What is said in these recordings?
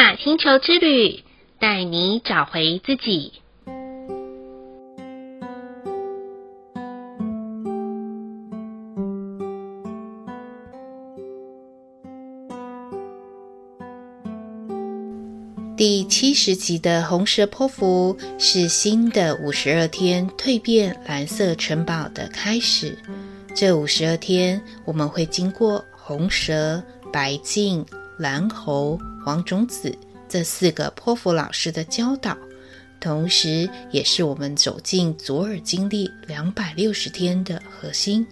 《馬雅星球之旅》帶你找回自己。第七十集的紅蛇波符，是新的五十二天蛻變藍色城堡的開始。這五十二天，我們會經過紅蛇、白鏡、藍猴。黃種子這四個波符老師的教導，同時也是我們走進卓爾金曆兩百六十天的核心。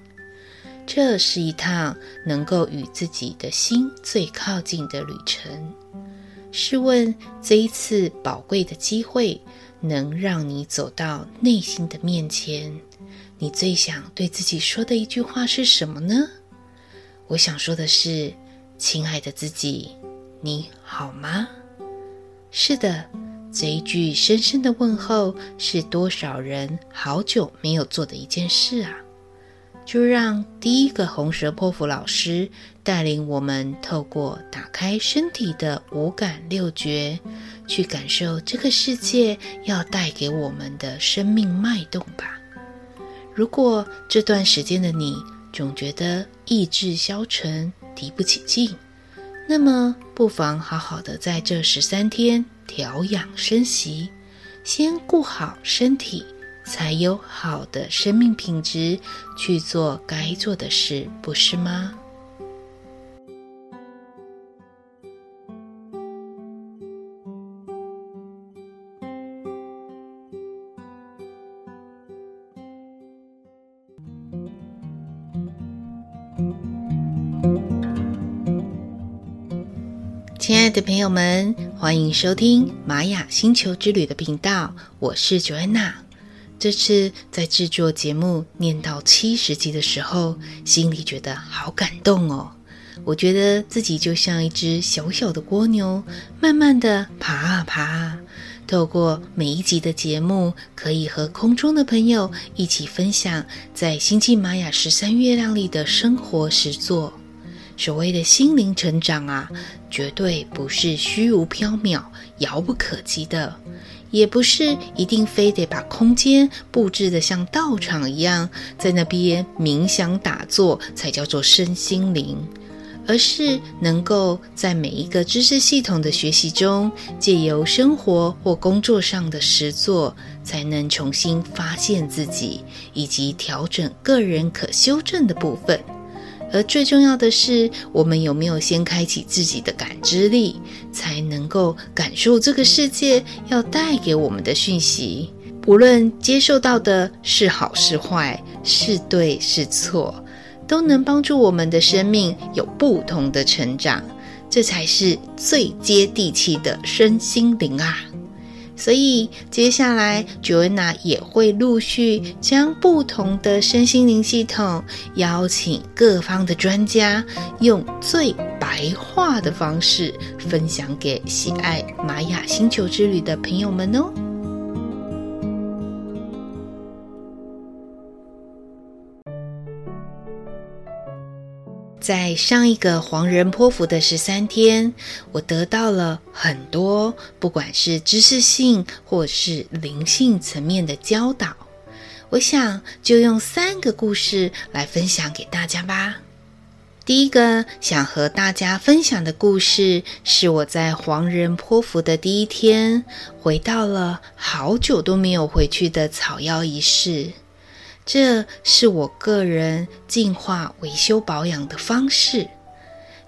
這是一趟能夠與自己的心最靠近的旅程。試問這一次寶貴的機會，能讓你走到內心的面前，你最想對自己說的一句話是什麼呢？我想說的是，親愛的自己。你好嗎？是的，這一句深深的問候，是多少人好久沒有做的一件事啊！就讓第一個紅蛇波符老師帶領我們，透過打開身體的五感六覺，去感受這個世界要帶給我們的生命脈動吧。如果這段時間的你總覺得意志消沉，提不起勁。那麼，不妨好好的在這十三天調養生息，先顧好身體，才有好的生命品質去做該做的事，不是嗎？親愛的朋友們，歡迎收聽《瑪雅星球之旅》的頻道，我是 Joanna。這次在制作節目念到七十集的時候，心裡覺得好感動哦。我覺得自己就像一隻小小的蝸牛，慢慢的爬啊爬啊。透過每一集的節目，可以和空中的朋友一起分享在星際瑪雅十三月亮裡的生活實作。所謂的心靈成長啊，絕對不是虛無縹緲、遙不可及的，也不是一定非得把空間布置的像道場一樣，在那邊冥想打坐才叫做身心靈，而是能夠在每一個知識系統的學習中，借由生活或工作上的實作，才能重新發現自己，以及調整個人可修正的部分。而最重要的是，我們有沒有先開啟自己的感知力，才能夠感受這個世界要帶給我們的訊息。不論接受到的是好是壞，是對是錯，都能幫助我們的生命有不同的成長。這才是最接地氣的身心靈啊！所以，接下來 Joanna 也會陸續將不同的身心靈系統，邀請各方的專家，用最白話的方式分享給喜愛瑪雅星球之旅的朋友們哦。在上一個黃人波符的十三天，我得到了很多，不管是知識性或是靈性層面的教導。我想就用三個故事來分享給大家吧。第一個想和大家分享的故事，是我在黃人波符的第一天，回到了好久都沒有回去的草藥儀式。這是我個人淨化、維修、保養的方式。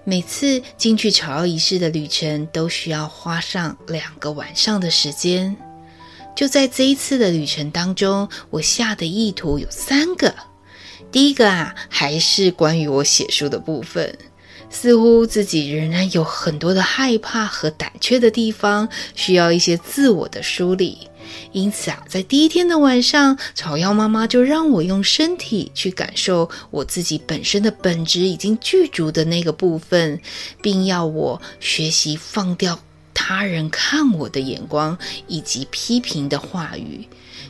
每次進去朝儀式的旅程都需要花上兩個晚上的時間。就在這一次的旅程當中，我下的意圖有三個。第一個啊，還是關於我寫書的部分，似乎自己仍然有很多的害怕和膽怯的地方，需要一些自我的梳理。因此啊，在第一天的晚上，草藥媽媽就讓我用身體去感受我自己本身的本質已經具足的那個部分，並要我學習放掉他人看我的眼光以及批評的話語，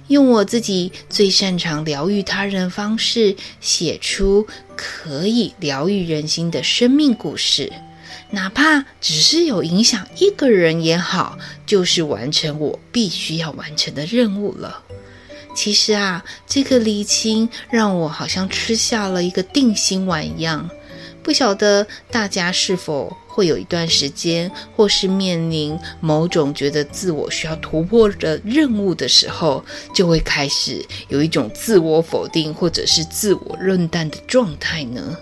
用我自己最擅長療癒他人的方式，寫出可以療癒人心的生命故事。哪怕只是有影響一個人也好，就是完成我必須要完成的任務了。其實啊，這個釐清讓我好像吃下了一個定心丸一樣。不曉得大家是否會有一段時間，或是面臨某種覺得自我需要突破的任務的時候，就會開始有一種自我否定或者是自我論斷的狀態呢？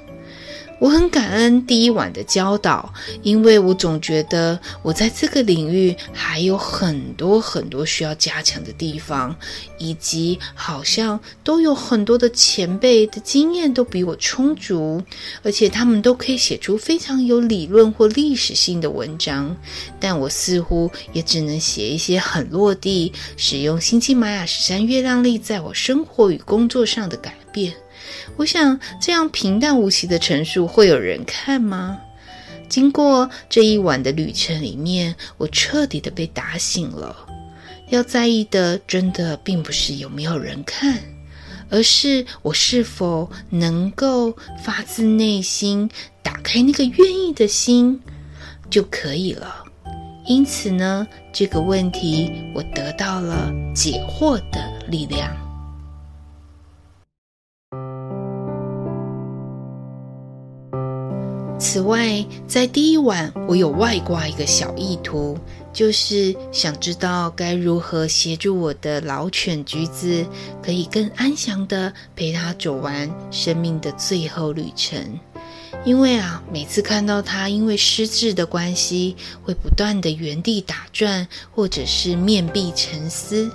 我很感恩第一晚的教導，因為我總覺得我在這個領域還有很多很多需要加強的地方，以及好像都有很多的前輩的經驗都比我充足，而且他們都可以寫出非常有理論或歷史性的文章，但我似乎也只能寫一些很落地，使用星際瑪雅十三月亮曆在我生活與工作上的改變。我想，這樣平淡無奇的陳述會有人看嗎？經過這一晚的旅程裡面，我徹底的被打醒了。要在意的，真的並不是有沒有人看，而是我是否能夠發自內心打開那個願意的心就可以了。因此呢，這個問題我得到了解惑的力量。此外，在第一晚，我有外掛一個小意圖，就是想知道該如何協助我的老犬橘子，可以更安詳的陪它走完生命的最後旅程。因為啊，每次看到它因為失智的關係，會不斷的原地打轉，或者是面壁沉思。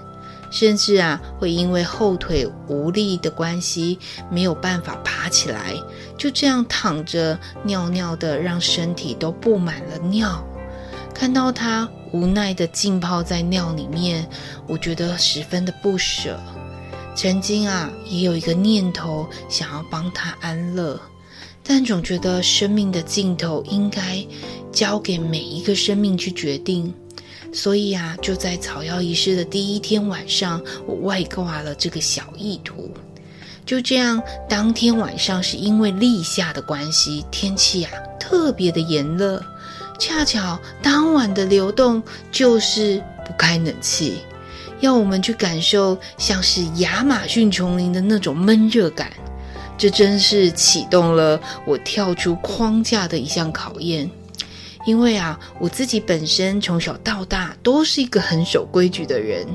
甚至啊，會因為後腿無力的關係，沒有辦法爬起來，就這樣躺着尿尿的，讓身體都佈滿了尿。看到它無奈的浸泡在尿裡面，我覺得十分的不捨。曾經啊，也有一個念頭想要幫它安樂，但總覺得生命的盡頭應該交給每一個生命去決定。所以啊，就在草藥儀式的第一天晚上，我外掛了這個小意圖。就這樣，當天晚上是因為立夏的關係，天氣啊特別的炎熱。恰巧當晚的流動就是不開冷氣，要我們去感受像是亞馬遜叢林的那種悶熱感。這真是啟動了我跳出框架的一項考驗。因為啊，我自己本身從小到大都是一個很守規矩的人，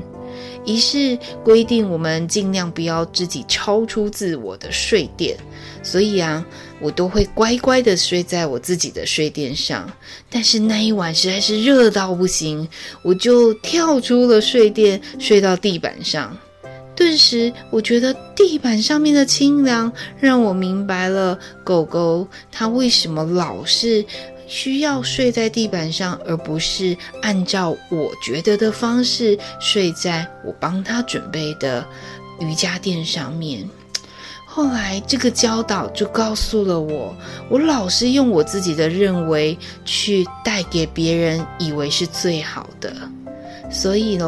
於是規定我們盡量不要自己超出自我的睡墊，所以啊，我都會乖乖的睡在我自己的睡墊上。但是那一晚實在是熱到不行，我就跳出了睡墊，睡到地板上。頓時，我覺得地板上面的清涼讓我明白了，狗狗它為什麼老是需要睡在地板上，而不是按照我覺得的方式睡在我幫他準備的瑜伽墊上面。後來這個教導就告訴了我，我老是用我自己的認為去帶給別人以為是最好的。所以嘍，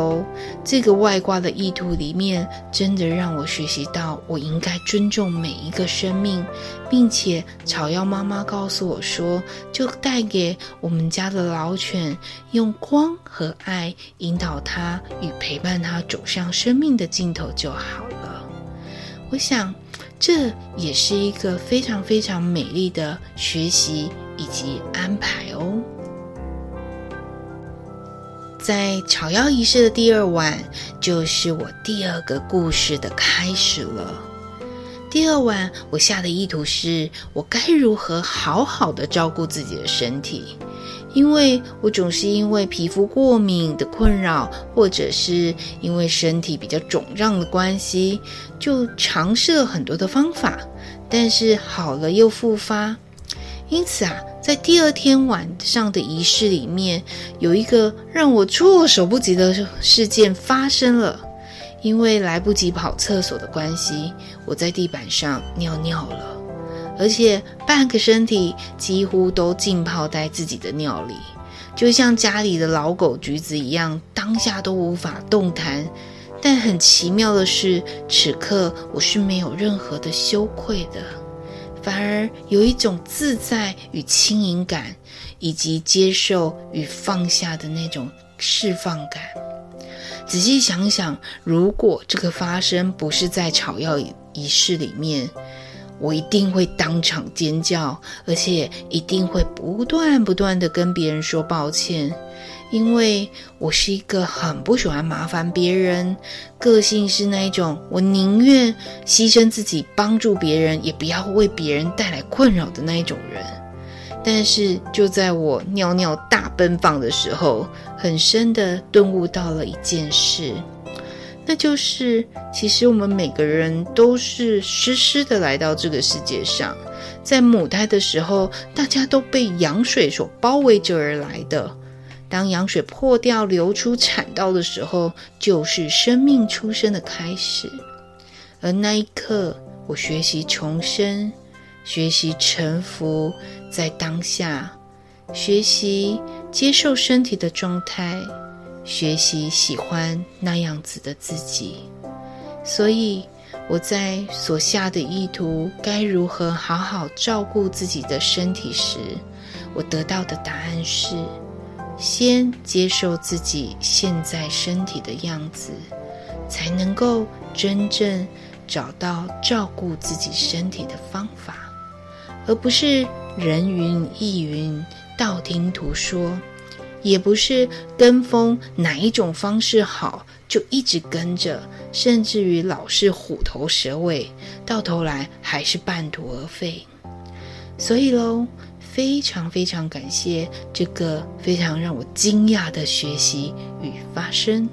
這個外掛的意圖裡面，真的讓我學習到我應該尊重每一個生命，並且草藥媽媽告訴我說，就帶給我們家的老犬，用光和愛引導他與陪伴他走向生命的盡頭就好了。我想這也是一個非常非常美麗的學習以及安排哦。在草藥儀式的第二晚，就是我第二個故事的開始了。第二晚，我下的意圖是，我該如何好好的照顧自己的身體，因為我總是因為皮膚過敏的困擾，或者是因為身體比較腫脹的關係，就嘗試了很多的方法，但是好了又復發。因此啊，在第二天晚上的儀式裡面，有一個讓我措手不及的事件發生了。因為來不及跑廁所的關係，我在地板上尿尿了，而且半個身體幾乎都浸泡在自己的尿裡，就像家裡的老狗橘子一樣，當下都無法動彈。但很奇妙的是，此刻我是沒有任何的羞愧的。反而有一種自在與輕盈感，以及接受與放下的那種釋放感。仔細想想，如果這個發生不是在草藥儀式裡面。我一定會當場尖叫，而且一定會不斷不斷的跟別人說抱歉，因為我是一個很不喜歡麻煩別人，個性是那一種我寧願犧牲自己幫助別人，也不要為別人帶來困擾的那一種人。但是就在我尿尿大奔放的時候，很深的頓悟到了一件事。那就是，其實我們每個人都是濕濕的來到這個世界上，在母胎的時候，大家都被羊水所包圍着而來的。當羊水破掉流出產道的時候，就是生命出生的開始。而那一刻，我學習重生，學習臣服在當下，學習接受身體的狀態。學習喜歡那樣子的自己，所以我在所下的意圖該如何好好照顧自己的身體時，我得到的答案是：先接受自己現在身體的樣子，才能夠真正找到照顧自己身體的方法，而不是人云亦云、道聽途說。也不是跟風，哪一種方式好就一直跟着，甚至於老是虎頭蛇尾，到頭來還是半途而廢。所以嘍，非常非常感謝這個非常讓我驚訝的學習與發生。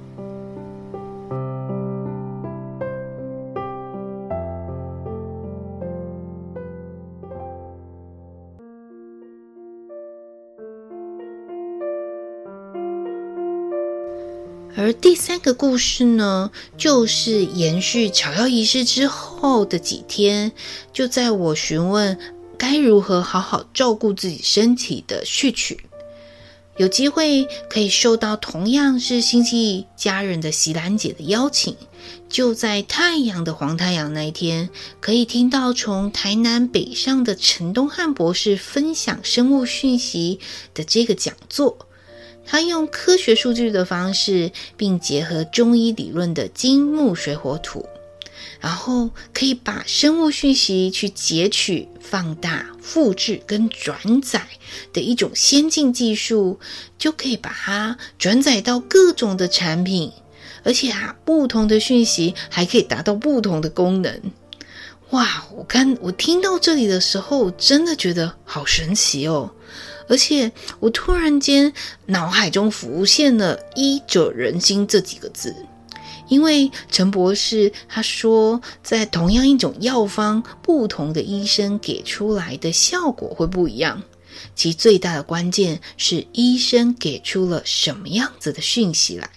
而第三個故事呢，就是延續草藥儀式之後的幾天，就在我詢問該如何好好照顧自己身體的序曲。有機會可以受到同樣是星際家人的席蘭姐的邀請，就在太陽的黃太陽那一天，可以聽到從台南北上的陳東漢博士分享生物訊息的這個講座。它用科學數據的方式，並結合中醫理論的金木水火土，然後可以把生物訊息去截取、放大、複制跟轉載的一種先進技術，就可以把它轉載到各種的產品，而且啊，不同的訊息還可以達到不同的功能。哇！我看我聽到這裡的時候，真的覺得好神奇哦。而且我突然間腦海中浮現了“醫者仁心”這幾個字，因為陳博士他說，在同樣一種藥方，不同的醫生給出來的效果會不一樣。其最大的關鍵是醫生給出了什麼樣子的訊息來。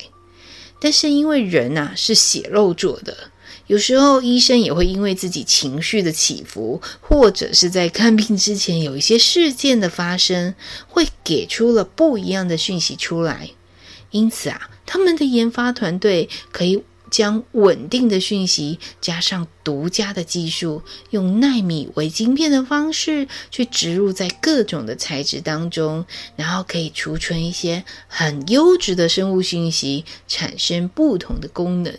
但是因為人吶、啊、是血肉做的。有時候醫生也會因為自己情緒的起伏，或者是在看病之前有一些事件的發生，會給出了不一樣的訊息出來。因此啊，他們的研發團隊可以將穩定的訊息加上獨家的技術，用奈米微晶片的方式去植入在各種的材質當中，然後可以儲存一些很優質的生物訊息，產生不同的功能。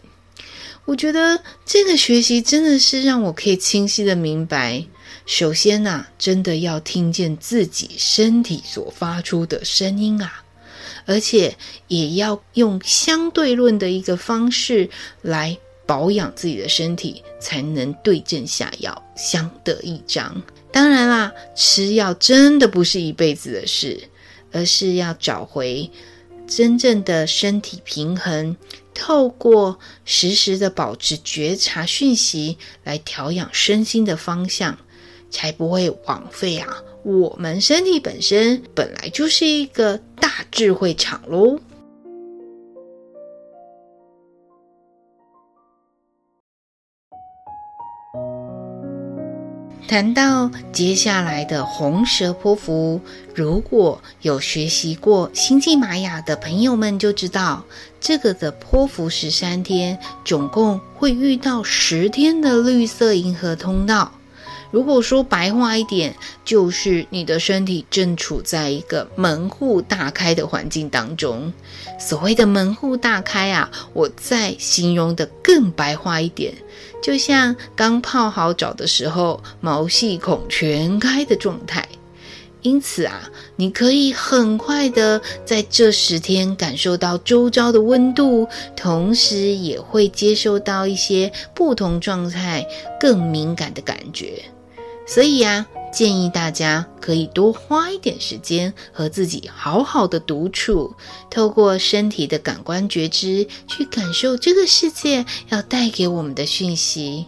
我覺得這個學習真的是讓我可以清晰的明白，首先吶、啊，真的要聽見自己身體所發出的聲音啊，而且也要用相對論的一個方式來保養自己的身體，才能對症下藥，相得益彰。當然啦，吃藥真的不是一輩子的事，而是要找回真正的身體平衡。透過時時的保持覺察訊息來調養身心的方向，才不會枉費啊！我們身體本身本來就是一個大智慧場嘍。談到接下來的紅蛇波符，如果有學習過星際瑪雅的朋友們就知道，這個的波符十三天，總共會遇到十天的綠色銀河通道。如果說白話一點，就是你的身體正處在一個門戶大開的環境當中。所謂的門戶大開啊，我再形容的更白話一點，就像剛泡好澡的時候，毛細孔全開的狀態。因此啊，你可以很快的在這十天感受到周遭的溫度，同時也會接收到一些不同狀態，更敏感的感覺。所以呀、啊，建議大家可以多花一點時間和自己好好的獨處，透過身體的感官覺知去感受這個世界要帶給我們的訊息。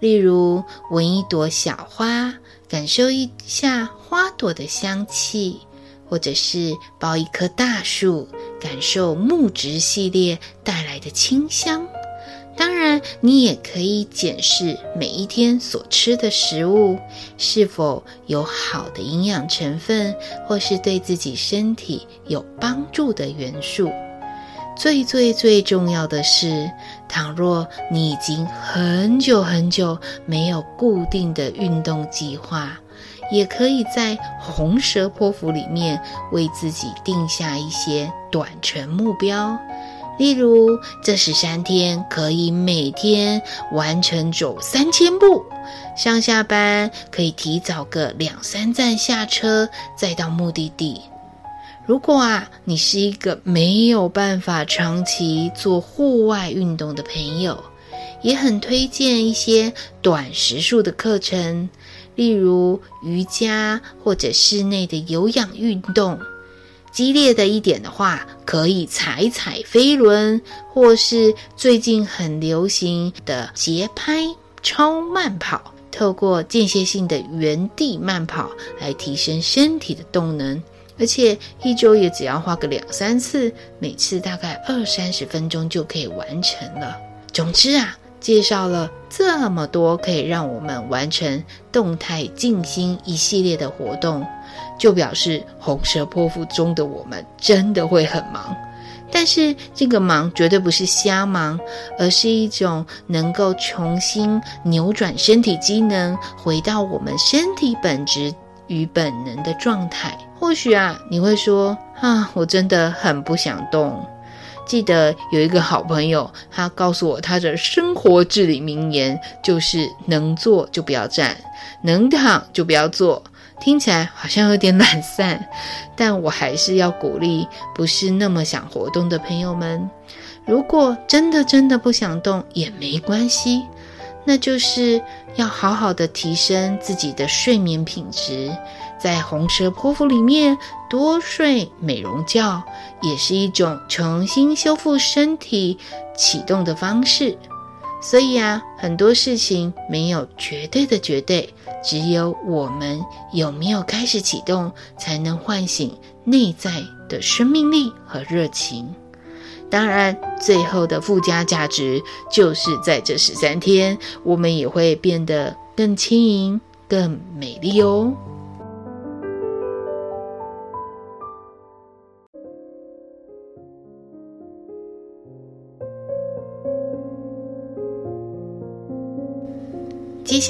例如，聞一朵小花，感受一下花朵的香氣；或者是抱一棵大樹，感受木質系列帶來的清香。當然，你也可以檢視每一天所吃的食物是否有好的營養成分，或是對自己身體有幫助的元素。最最最重要的是，倘若你已經很久很久沒有固定的運動計劃，也可以在紅蛇波符裡面為自己定下一些短程目標。例如，這十三天可以每天完成走三千步，上下班可以提早個兩三站下車，再到目的地。如果啊，你是一個沒有辦法長期做戶外運動的朋友，也很推薦一些短時數的課程，例如瑜伽或者室內的有氧運動。激烈的一點的話，可以踩踩飛輪，或是最近很流行的節拍超慢跑，透過間歇性的原地慢跑來提升身體的動能，而且一週也只要花個兩三次，每次大概二三十分鐘就可以完成了。總之啊，介紹了這麼多可以讓我們完成動態靜心一系列的活動，就表示紅蛇波符中的我們真的會很忙，但是這個忙絕對不是瞎忙，而是一種能夠重新扭轉身體機能，回到我們身體本質與本能的狀態。或許啊，你會說啊，我真的很不想動。記得有一個好朋友，他告訴我他的生活至理名言就是：能坐就不要站，能躺就不要坐。聽起來好像有點懶散，但我還是要鼓勵不是那麼想活動的朋友們。如果真的真的不想動也沒關係，那就是要好好的提升自己的睡眠品質，在紅蛇波符裡面多睡美容覺，也是一種重新修復身體啟動的方式。所以啊，很多事情沒有絕對的絕對，只有我們有沒有開始啟動，才能喚醒內在的生命力和熱情。當然，最後的附加價值就是在這十三天，我們也會變得更輕盈、更美麗哦。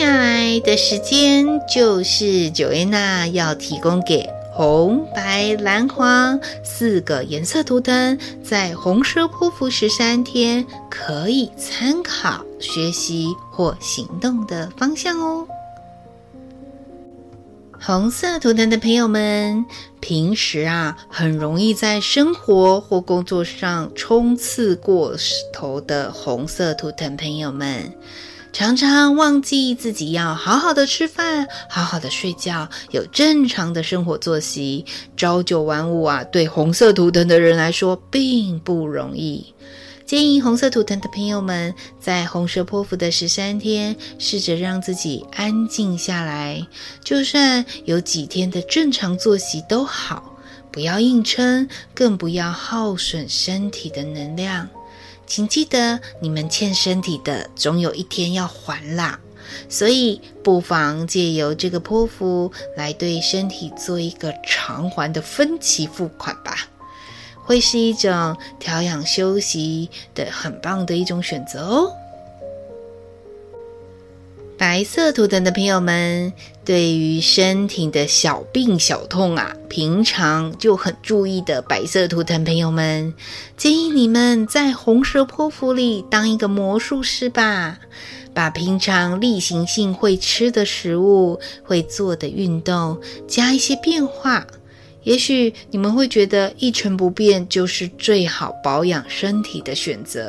接下來的時間就是 Joanna 要提供給紅、白、藍、黃四個顏色圖騰，在紅蛇波符十三天可以參考學習或行動的方向哦。紅色圖騰的朋友們，平時啊，很容易在生活或工作上衝刺過頭的紅色圖騰朋友們。常常忘記自己要好好的吃飯，好好的睡覺，有正常的生活作息，朝九晚五啊，對紅色圖騰的人來說並不容易。建議紅色圖騰的朋友們，在紅蛇波符的十三天，試着讓自己安靜下來，就算有幾天的正常作息都好，不要硬撐，更不要耗損身體的能量。請記得，你們欠身體的，總有一天要還啦。所以，不妨借由這個波符來對身體做一個償還的分期付款吧，會是一種調養休息的很棒的一種選擇哦。白色圖騰的朋友們，對於身體的小病小痛啊，平常就很注意的白色圖騰朋友們，建議你們在紅蛇波符裡當一個魔術師吧，把平常例行性會吃的食物、會做的運動加一些變化，也許你們會覺得一成不變就是最好保養身體的選擇。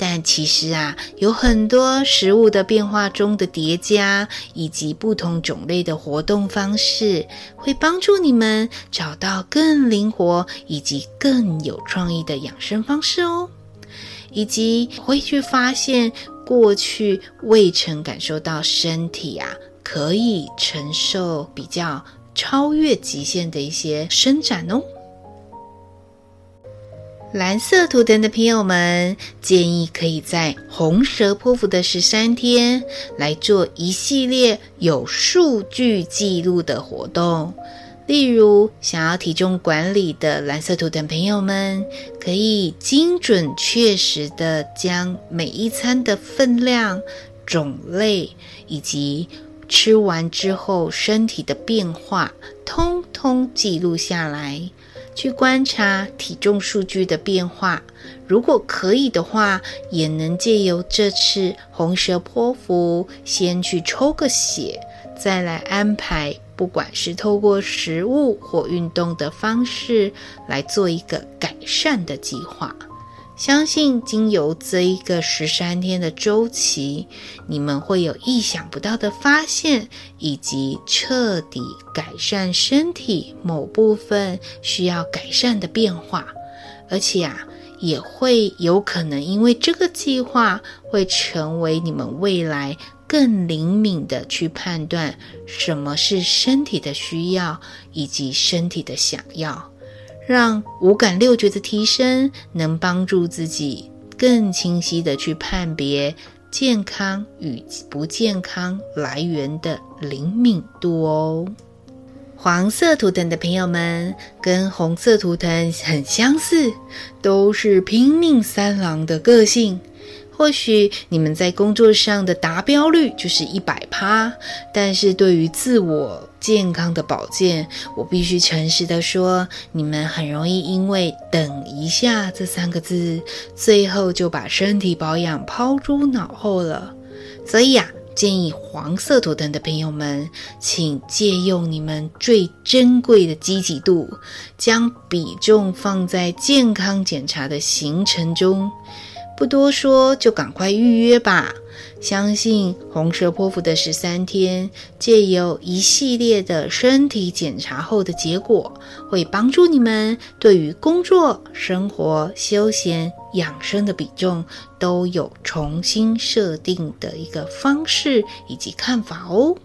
但其實啊，有很多食物的變化中的疊加，以及不同種類的活動方式，會幫助你們找到更靈活以及更有創意的養生方式哦。以及會去發現過去未曾感受到身體啊，可以承受比較超越極限的一些伸展哦。藍色圖騰的朋友們建議，可以在紅蛇波符的十三天來做一系列有數據記錄的活動。例如，想要體重管理的藍色圖騰朋友們，可以精準確實的將每一餐的分量、種類以及吃完之後身體的變化，通通記錄下來。去觀察體重數據的變化，如果可以的話，也能借由這次紅蛇波符，先去抽個血，再來安排，不管是透過食物或運動的方式來做一個改善的計劃。相信經由這一個十三天的週期，你們會有意想不到的發現，以及徹底改善身體某部分需要改善的變化。而且啊，也會有可能因為這個計劃會成為你們未來更靈敏的去判斷什麼是身體的需要，以及身體的想要。讓五感六覺的提升，能幫助自己更清晰的去判別健康與不健康來源的靈敏度哦。黃色圖騰的朋友們，跟紅色圖騰很相似，都是拼命三郎的個性。或許你們在工作上的達標率就是一百趴，但是對於自我健康的保健，我必須誠實地說，你們很容易因為“等一下”這三個字，最後就把身體保養拋諸腦後了。所以啊，建議黃色圖騰的朋友們，請借用你們最珍貴的積極度，將比重放在健康檢查的行程中。不多說，就趕快預約吧。相信紅蛇波符的十三天，藉由一系列的身體檢查後的結果，會幫助你們對於工作、生活、休閒、養生的比重都有重新設定的一個方式以及看法哦。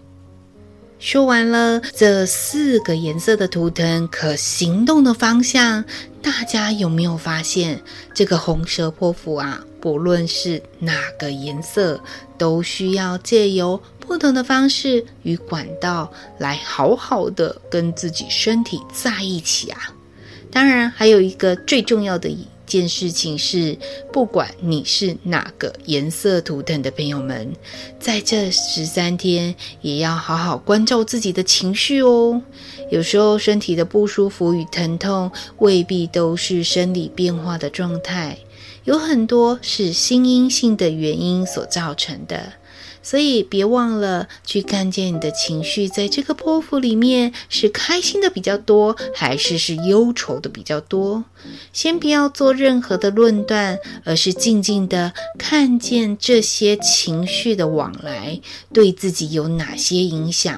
說完了這四個顏色的圖騰可行動的方向，大家有沒有發現，這個紅蛇波符啊，不論是哪個顏色，都需要借由不同的方式與管道來好好的跟自己身體在一起啊。當然，還有一個最重要的意義件事情是，不管你是哪個顏色圖騰的朋友們，在這十三天也要好好關照自己的情緒哦。有時候身體的不舒服與疼痛未必都是生理變化的狀態，有很多是心因性的原因所造成的。所以，別忘了去看見你的情緒，在這個波符裡面是開心的比較多，還是是憂愁的比較多？先不要做任何的論斷，而是靜靜的看見這些情緒的往來，對自己有哪些影響。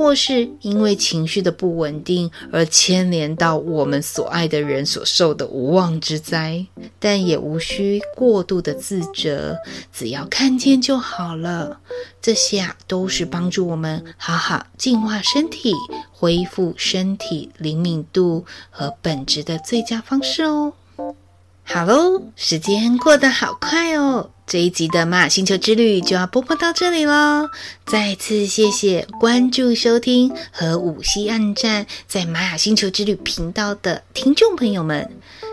或是因為情緒的不穩定而牽連到我們所愛的人所受的無妄之災，但也無需過度的自責，只要看見就好了。這些啊，都是幫助我們好好淨化身體、恢復身體靈敏度和本質的最佳方式哦。好嘍，時間過得好快哦。這一集的《馬雅星球之旅》就要播報到這裡嘍！再次謝謝關注、收聽和五星按讚，在《馬雅星球之旅》頻道的聽眾朋友們。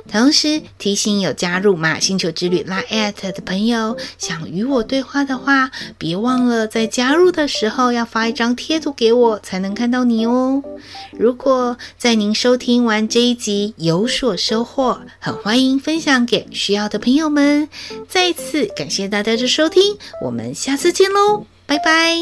同時提醒有加入馬雅星球之旅 LINE@ 的朋友，想與我對話的話，別忘了在加入的時候要發一張貼圖給我，才能看到你哦。如果在您收聽完這一集有所收穫，很歡迎分享給需要的朋友們。再一次感謝大家的收聽，我們下次見嘍，拜拜。